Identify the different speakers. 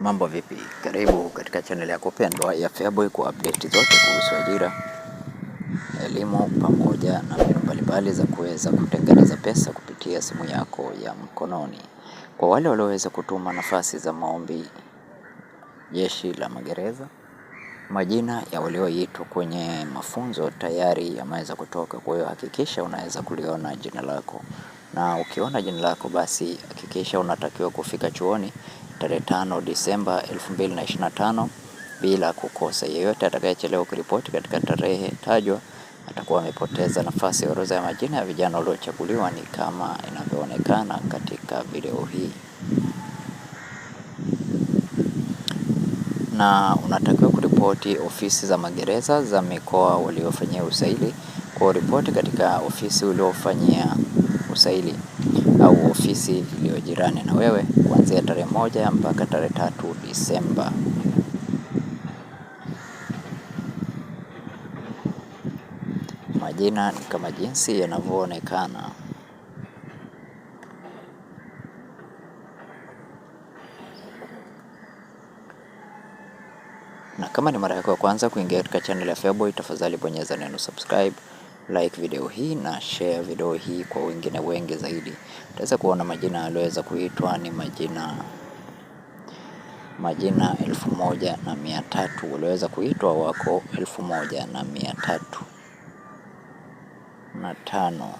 Speaker 1: Mambo vipi? Karibu katika chaneli yako pendwa ya FEABOY kwa update zote kuhusu ajira, elimu pamoja na mbinu mbalimbali za kuweza kutengeneza pesa kupitia simu yako ya mkononi. Kwa wale walioweza kutuma nafasi za maombi Jeshi la Magereza, majina ya walioitwa kwenye mafunzo tayari yameweza kutoka. Kwa hiyo hakikisha unaweza kuliona jina lako, na ukiona jina lako basi hakikisha unatakiwa kufika chuoni tarehe tano Disemba 2025 bila kukosa. Yeyote atakayechelewa kuripoti katika tarehe tajwa atakuwa amepoteza nafasi. Orodha ya majina ya vijana waliochaguliwa ni kama inavyoonekana katika video hii, na unatakiwa kuripoti ofisi za magereza za mikoa uliofanyia usaili kwa ripoti katika ofisi uliofanyia usaili ofisi iliyo jirani na wewe kuanzia tarehe moja mpaka tarehe tatu Disemba. Majina ni kama jinsi yanavyoonekana. Na kama ni mara yako ya kwanza kuingia katika channel ya FEABOY, tafadhali bonyeza neno subscribe like video hii na share video hii kwa wengine wengi zaidi. Utaweza kuona majina yaliyoweza kuitwa ni majina majina elfu moja na mia tatu walioweza kuitwa wako elfu moja na mia tatu na tano.